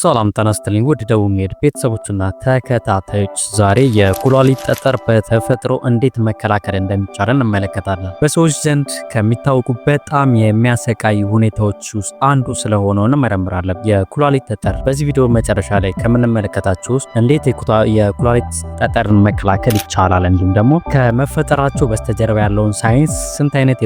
ሰላም ጤና ውድ ደቡብ ሜድ ቤተሰቦችና ተከታታዮች፣ ዛሬ የኩላሊት ጠጠር በተፈጥሮ እንዴት መከላከል እንደሚቻል እንመለከታለን። በሰዎች ዘንድ ከሚታወቁ በጣም የሚያሰቃይ ሁኔታዎች ውስጥ አንዱ ስለሆነው እንመረምራለን። የኩላሊት ጠጠር በዚህ ቪዲዮ መጨረሻ ላይ ከምንመለከታቸው ውስጥ እንዴት የኩላሊት ጠጠርን መከላከል ይቻላል፣ እንዲሁም ደግሞ ከመፈጠራቸው በስተጀርባ ያለውን ሳይንስ፣ ስንት አይነት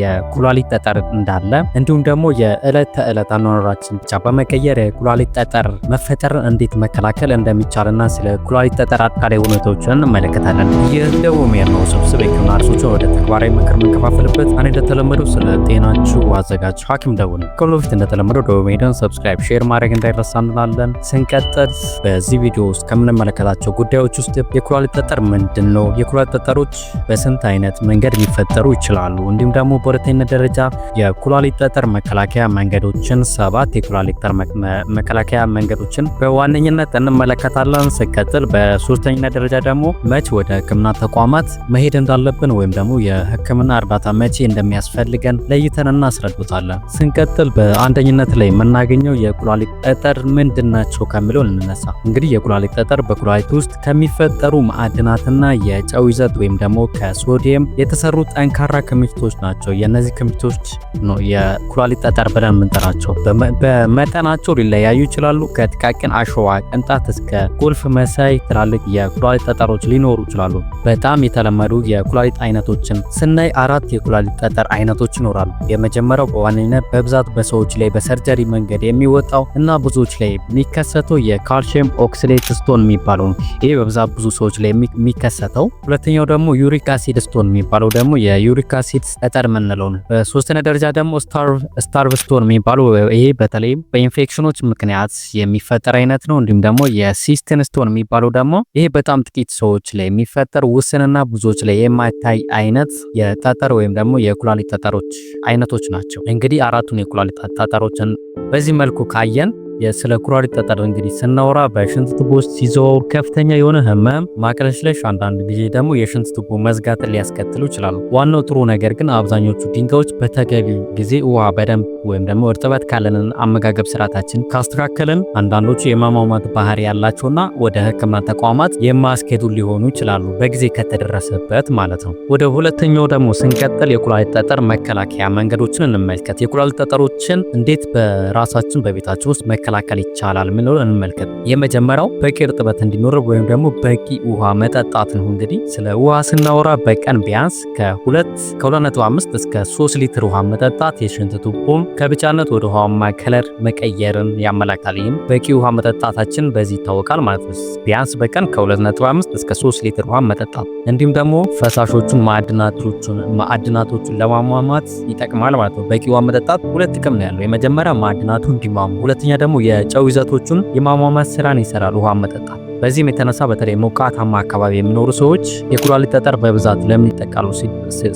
የኩላሊት ጠጠር እንዳለ እንዲሁም ደግሞ የዕለት ተዕለት አኗኗራችን ብቻ በመቀየር የኩላሊት ጠጠር መፈጠር እንዴት መከላከል እንደሚቻልና ስለ ኩላሊት ጠጠር አጥቃሪ ሁኔታዎችን እንመለከታለን። ይህ ደቡሜድ ነው፣ ስብስብ የህክምና ርዕሶችን ወደ ተግባራዊ ምክር የምንከፋፍልበት። እኔ እንደተለመደው ስለ ጤናችሁ አዘጋጅ ሐኪም ደቡ ከሁሉ በፊት እንደተለመደው ደቡሜድን ሰብስክራይብ፣ ሼር ማድረግ እንዳይረሳ እንላለን። ስንቀጥል በዚህ ቪዲዮ ውስጥ ከምንመለከታቸው ጉዳዮች ውስጥ የኩላሊት ጠጠር ምንድን ነው፣ የኩላሊት ጠጠሮች በስንት አይነት መንገድ ሊፈጠሩ ይችላሉ፣ እንዲሁም ደግሞ በሁለተኛ ደረጃ የኩላሊት ጠጠር መከላከያ መንገዶችን ሰባት የኩላሊት ጠጠር መከላከያ መንገዶችን በዋነኝነት እንመለከታለን። ስቀጥል በሶስተኛ ደረጃ ደግሞ መች ወደ ህክምና ተቋማት መሄድ እንዳለብን ወይም ደግሞ የህክምና እርዳታ መቼ እንደሚያስፈልገን ለይተን እናስረዱታለን። ስንቀጥል በአንደኝነት ላይ የምናገኘው የኩላሊት ጠጠር ምንድን ናቸው ከሚለው እንነሳ። እንግዲህ የኩላሊት ጠጠር በኩላሊት ውስጥ ከሚፈጠሩ ማዕድናትና የጨው ይዘት ወይም ደግሞ ከሶዲየም የተሰሩ ጠንካራ ክምችቶች ናቸው። የእነዚህ ክምችቶች ነው የኩላሊት ጠጠር ብለን የምንጠራቸው። በመጠናቸው ሊለያዩ ይችላሉ። ይችላሉ። ከጥቃቅን አሸዋ ቅንጣት እስከ ቁልፍ መሳይ ትላልቅ የኩላሊት ጠጠሮች ሊኖሩ ይችላሉ። በጣም የተለመዱ የኩላሊት አይነቶችን ስናይ አራት የኩላሊት ጠጠር አይነቶች ይኖራሉ። የመጀመሪያው በዋነኝነት በብዛት በሰዎች ላይ በሰርጀሪ መንገድ የሚወጣው እና ብዙዎች ላይ የሚከሰተው የካልሽየም ኦክስሌት ስቶን የሚባለው ነው። ይህ በብዛት ብዙ ሰዎች ላይ የሚከሰተው። ሁለተኛው ደግሞ ዩሪክ አሲድ ስቶን የሚባለው ደግሞ የዩሪክ አሲድ ጠጠር የምንለው ነው። በሶስተኛ ደረጃ ደግሞ ስታርቭ ስቶን የሚባለው ይሄ በተለይም በኢንፌክሽኖች ምክንያት የሚፈጠር አይነት ነው። እንዲሁም ደግሞ የሲስትን ስቶን የሚባለው ደግሞ ይሄ በጣም ጥቂት ሰዎች ላይ የሚፈጠር ውስንና ብዙዎች ላይ የማይታይ አይነት የጠጠር ወይም ደግሞ የኩላሊት ጠጠሮች አይነቶች ናቸው። እንግዲህ አራቱን የኩላሊት ጠጠሮችን በዚህ መልኩ ካየን ስለ ኩላሊት ጠጠር እንግዲህ ስናወራ በሽንት ቱቦ ውስጥ ሲዘዋውር ከፍተኛ የሆነ ህመም፣ ማቅለሽለሽ፣ አንዳንድ ጊዜ ደግሞ የሽንት ቱቦ መዝጋትን ሊያስከትሉ ይችላሉ። ዋናው ጥሩ ነገር ግን አብዛኞቹ ድንጋዮች በተገቢ ጊዜ ውሃ በደንብ ወይም ደግሞ እርጥበት ካለንን አመጋገብ ስርዓታችን ካስተካከልን አንዳንዶቹ የማሟሟት ባህሪ ያላቸውና ወደ ህክምና ተቋማት የማያስኬዱ ሊሆኑ ይችላሉ፣ በጊዜ ከተደረሰበት ማለት ነው። ወደ ሁለተኛው ደግሞ ስንቀጥል የኩላሊት ጠጠር መከላከያ መንገዶችን እንመልከት። የኩላሊት ጠጠሮችን እንዴት በራሳችን በቤታችን ውስጥ መከላከል መከላከል ይቻላል ምንለው እንመልከት። የመጀመሪያው በቂ እርጥበት እንዲኖር ወይም ደግሞ በቂ ውሃ መጠጣት ነው። እንግዲህ ስለ ውሃ ስናወራ በቀን ቢያንስ ከሁለት ከ2.5 እስከ 3 ሊትር ውሃ መጠጣት የሽንት ቱቦን ከብጫነት ወደ ውሃማ ከለር መቀየርን ያመላክታል። ይህም በቂ ውሃ መጠጣታችን በዚህ ይታወቃል ማለት ነው። ቢያንስ በቀን ከ2.5 እስከ 3 ሊትር ውሃ መጠጣት እንዲሁም ደግሞ ፈሳሾቹን ማዕድናቶቹን ማዕድናቶቹን ለማሟሟት ይጠቅማል ማለት ነው። በቂ ውሃ መጠጣት ሁለት ጥቅም ነው ያለው። የመጀመሪያ ማዕድናቱ እንዲሟሙ፣ ሁለተኛ ደግሞ ደግሞ የጨው ይዘቶቹን የማሟሟት ስራን ይሰራል ውሃ መጠጣት። በዚህም የተነሳ በተለይ ሞቃታማ አካባቢ የሚኖሩ ሰዎች የኩላሊት ጠጠር በብዛት ለምን ይጠቃሉ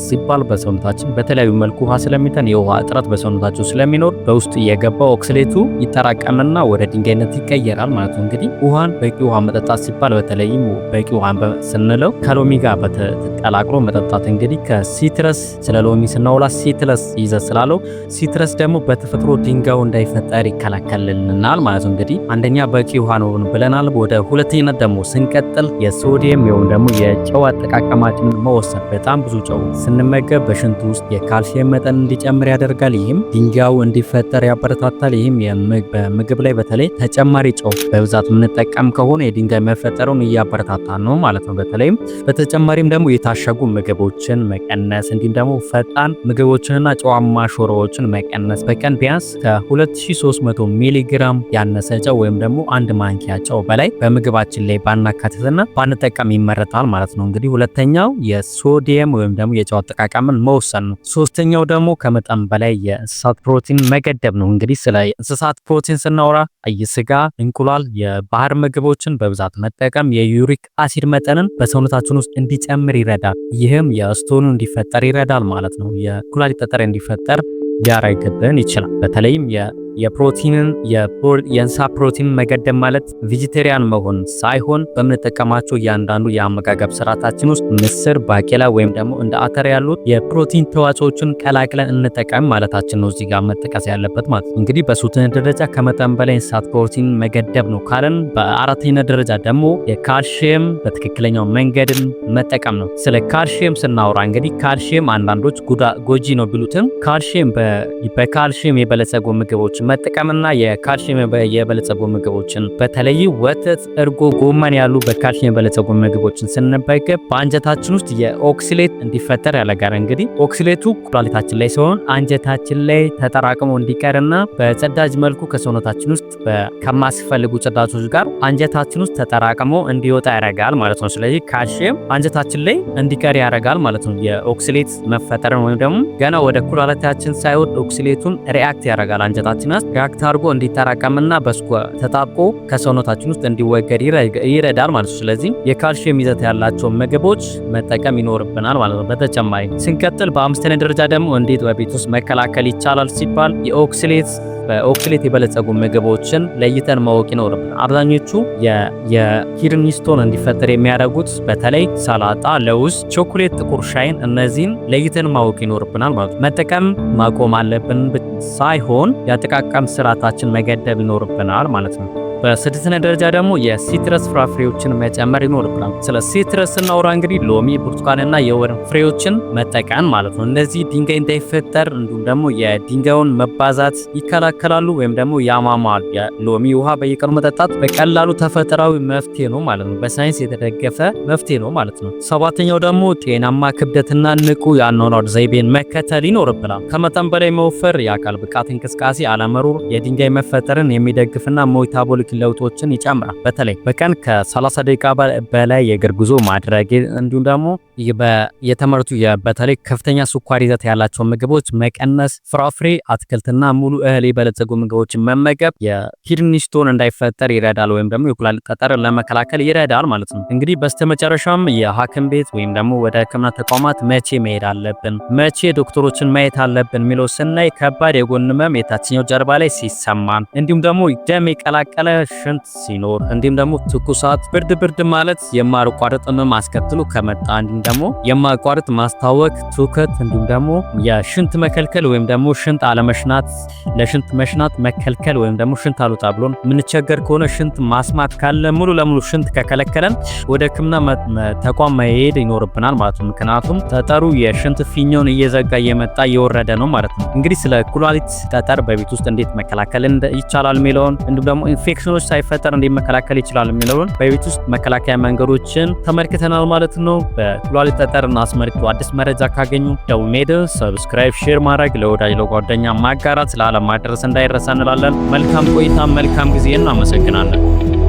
ሲባል በሰውነታችን በተለያዩ መልኩ ውሃ ስለሚተን የውሃ እጥረት በሰውነታቸው ስለሚኖር በውስጡ እየገባ ኦክስሌቱ ይጠራቀምና ወደ ድንጋይነት ይቀየራል ማለት ነው። እንግዲህ ውሃን በቂ ውሃ መጠጣት ሲባል በተለይም በቂ ውሃ ስንለው ከሎሚ ጋር በተቀላቅሎ መጠጣት እንግዲህ ከሲትረስ ስለ ሎሚ ስናውላ ሲትረስ ይዘት ስላለው ሲትረስ ደግሞ በተፈጥሮ ድንጋዩ እንዳይፈጠር ይከላከልልናል ማለት ነው። እንግዲህ አንደኛ በቂ ውሃ ነው ብለናል። ወደ ሁለት በዚህነት ደግሞ ስንቀጥል የሶዲየም ወይም ደግሞ የጨው አጠቃቀማችንን መወሰን። በጣም ብዙ ጨው ስንመገብ በሽንት ውስጥ የካልሲየም መጠን እንዲጨምር ያደርጋል። ይህም ድንጋዩ እንዲፈጠር ያበረታታል። ይህም በምግብ ላይ በተለይ ተጨማሪ ጨው በብዛት የምንጠቀም ከሆነ የድንጋይ መፈጠሩን እያበረታታ ነው ማለት ነው። በተለይም በተጨማሪም ደግሞ የታሸጉ ምግቦችን መቀነስ እንዲሁም ደግሞ ፈጣን ምግቦችንና ጨዋማ ሾሮዎችን መቀነስ በቀን ቢያንስ ከ2300 ሚሊግራም ያነሰ ጨው ወይም ደግሞ አንድ ማንኪያ ጨው በላይ በምግባ ምግባችን ላይ ባናካትትና ባንጠቀም ይመረጣል ማለት ነው። እንግዲህ ሁለተኛው የሶዲየም ወይም ደግሞ የጨው አጠቃቀምን መውሰን ነው። ሶስተኛው ደግሞ ከመጠን በላይ የእንስሳት ፕሮቲን መገደብ ነው። እንግዲህ ስለ እንስሳት ፕሮቲን ስናወራ ስጋ፣ እንቁላል፣ የባህር ምግቦችን በብዛት መጠቀም የዩሪክ አሲድ መጠንን በሰውነታችን ውስጥ እንዲጨምር ይረዳል። ይህም የስቶኑ እንዲፈጠር ይረዳል ማለት ነው። የኩላሊት ጠጠር እንዲፈጠር ሊያረግብን ይችላል። በተለይም የፕሮቲንን የእንስሳ ፕሮቲን መገደብ ማለት ቬጂቴሪያን መሆን ሳይሆን በምንጠቀማቸው እያንዳንዱ የአመጋገብ ስርዓታችን ውስጥ ምስር፣ ባቄላ ወይም ደግሞ እንደ አተር ያሉት የፕሮቲን ተዋጽኦችን ቀላቅለን እንጠቀም ማለታችን ነው። እዚህ ጋር መጠቀስ ያለበት ማለት እንግዲህ በሶስተኛ ደረጃ ከመጠን በላይ የእንስሳት ፕሮቲን መገደብ ነው ካለን፣ በአራተኛ ደረጃ ደግሞ የካልሽየም በትክክለኛው መንገድን መጠቀም ነው። ስለ ካልሽየም ስናወራ እንግዲህ ካልሽየም አንዳንዶች ጎጂ ነው ቢሉትም ካልሽየም በካልሽየም የበለጸጉ ምግቦች ። መጠቀምና የካልሽየም የበለጸጉ ምግቦችን በተለይ ወተት፣ እርጎ፣ ጎመን ያሉ በካልሽየም የበለጸጉ ምግቦችን ስንመገብ በአንጀታችን ውስጥ የኦክሲሌት እንዲፈጠር ያደርጋል። እንግዲህ ኦክሲሌቱ ኩላሊታችን ላይ ሲሆን አንጀታችን ላይ ተጠራቅሞ እንዲቀርና በጸዳጅ መልኩ ከሰውነታችን ውስጥ ከማስፈልጉ ጽዳጆች ጋር አንጀታችን ውስጥ ተጠራቅሞ እንዲወጣ ያደርጋል ማለት ነው። ስለዚህ ካልሽየም አንጀታችን ላይ እንዲቀር ያደርጋል ማለት ነው። የኦክሲሌት መፈጠርን ወይም ደግሞ ገና ወደ ኩላሊታችን ሳይወድ ኦክሲሌቱን ሪያክት ያደርጋል አንጀታችን ቢዝነስ ሪአክት አድርጎ እንዲጠራቀምና በስኳ ተጣብቆ ከሰውነታችን ውስጥ እንዲወገድ ይረዳል ማለት ነው። ስለዚህ የካልሽየም ይዘት ያላቸውን ምግቦች መጠቀም ይኖርብናል ማለት ነው። በተጨማሪ ስንቀጥል በአምስተኛ ደረጃ ደግሞ እንዴት በቤት ውስጥ መከላከል ይቻላል ሲባል የኦክስሌት በኦክስሌት የበለጸጉ ምግቦችን ለይተን ማወቅ ይኖርብናል። አብዛኞቹ የኪድኒ ስቶን እንዲፈጠር የሚያደርጉት በተለይ ሰላጣ፣ ለውዝ፣ ቾኮሌት፣ ጥቁር ሻይን እነዚህን ለይተን ማወቅ ይኖርብናል ማለት ነው። መጠቀም ማቆም አለብን። ሳይሆን የአጠቃቀም ስርዓታችን መገደብ ይኖርብናል ማለት ነው። በስድስተኛ ደረጃ ደግሞ የሲትረስ ፍራፍሬዎችን መጨመር ይኖርብናል። ስለ ሲትረስ ስናወራ እንግዲህ ሎሚ፣ ብርቱካንና የወይን ፍሬዎችን መጠቀም ማለት ነው። እነዚህ ድንጋይ እንዳይፈጠር እንዲሁም ደግሞ የድንጋዩን መባዛት ይከላከላሉ ወይም ደግሞ ያማማሉ። የሎሚ ውሃ በየቀኑ መጠጣት በቀላሉ ተፈጥሯዊ መፍትሄ ነው ማለት ነው። በሳይንስ የተደገፈ መፍትሄ ነው ማለት ነው። ሰባተኛው ደግሞ ጤናማ ክብደትና ንቁ የአኗኗር ዘይቤን መከተል ይኖርብናል። ከመጠን በላይ መወፈር፣ የአካል ብቃት እንቅስቃሴ አለመኖር የድንጋይ መፈጠርን የሚደግፍና ሜታቦሊክ ለውጦችን ይጨምራል። በተለይ በቀን ከ30 ደቂቃ በላይ የእግር ጉዞ ማድረግ እንዲሁም ደግሞ የተመረቱ በተለይ ከፍተኛ ስኳር ይዘት ያላቸው ምግቦች መቀነስ፣ ፍራፍሬ፣ አትክልትና ሙሉ እህል የበለጸጉ ምግቦችን መመገብ የኪድኒ ስቶን እንዳይፈጠር ይረዳል ወይም ደግሞ የኩላሊት ጠጠርን ለመከላከል ይረዳል ማለት ነው። እንግዲህ በስተመጨረሻም የሐኪም ቤት ወይም ደግሞ ወደ ሕክምና ተቋማት መቼ መሄድ አለብን፣ መቼ ዶክተሮችን ማየት አለብን የሚለው ስናይ ከባድ የጎን ህመም የታችኛው ጀርባ ላይ ሲሰማን እንዲሁም ደግሞ ደም የቀላቀለ ሽንት ሲኖር እንዲሁም ደግሞ ትኩሳት፣ ብርድ ብርድ ማለት የማያቋርጥ ህመም አስከትሎ ከመጣ እንዲሁም ደግሞ የማቋረጥ ማስታወክ፣ ትውከት እንዲሁም ደግሞ የሽንት መከልከል ወይም ደግሞ ሽንት አለመሽናት ለሽንት መሽናት መከልከል ወይም ደግሞ ሽንት አልወጣ ብሎን የምንቸገር ከሆነ ሽንት ማስማት ካለ ሙሉ ለሙሉ ሽንት ከከለከለን ወደ ህክምና ተቋም መሄድ ይኖርብናል ማለት ነው። ምክንያቱም ጠጠሩ የሽንት ፊኛውን እየዘጋ እየመጣ እየወረደ ነው ማለት ነው። እንግዲህ ስለ ኩላሊት ጠጠር በቤት ውስጥ እንዴት መከላከል ይቻላል የሚለውን እንዲሁም ደግሞ ኢንፌክሽን ኢንፌክሽኖች ሳይፈጠር እንዴት መከላከል ይችላል የሚለውን በቤት ውስጥ መከላከያ መንገዶችን ተመልክተናል ማለት ነው። በኩላሊት ጠጠርን አስመልክቶ አዲስ መረጃ ካገኙ ደቡብ ሜድ ሰብስክራይብ፣ ሼር ማድረግ ለወዳጅ ለጓደኛ ማጋራት ለዓለም ማድረስ እንዳይረሳ እንላለን። መልካም ቆይታ፣ መልካም ጊዜ። እናመሰግናለን።